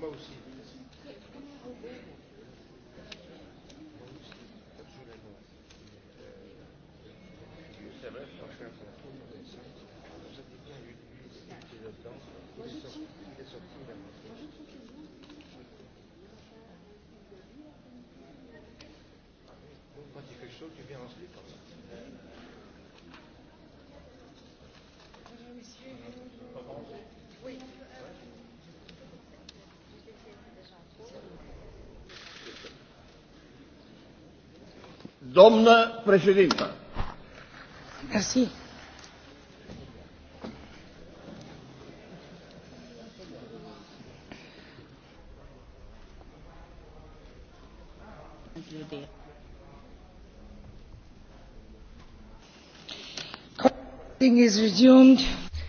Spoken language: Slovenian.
pa vsi. Quand il fait chaud, tu viens en slip. Hein. doamnă președintă. Merci. Voting is resumed.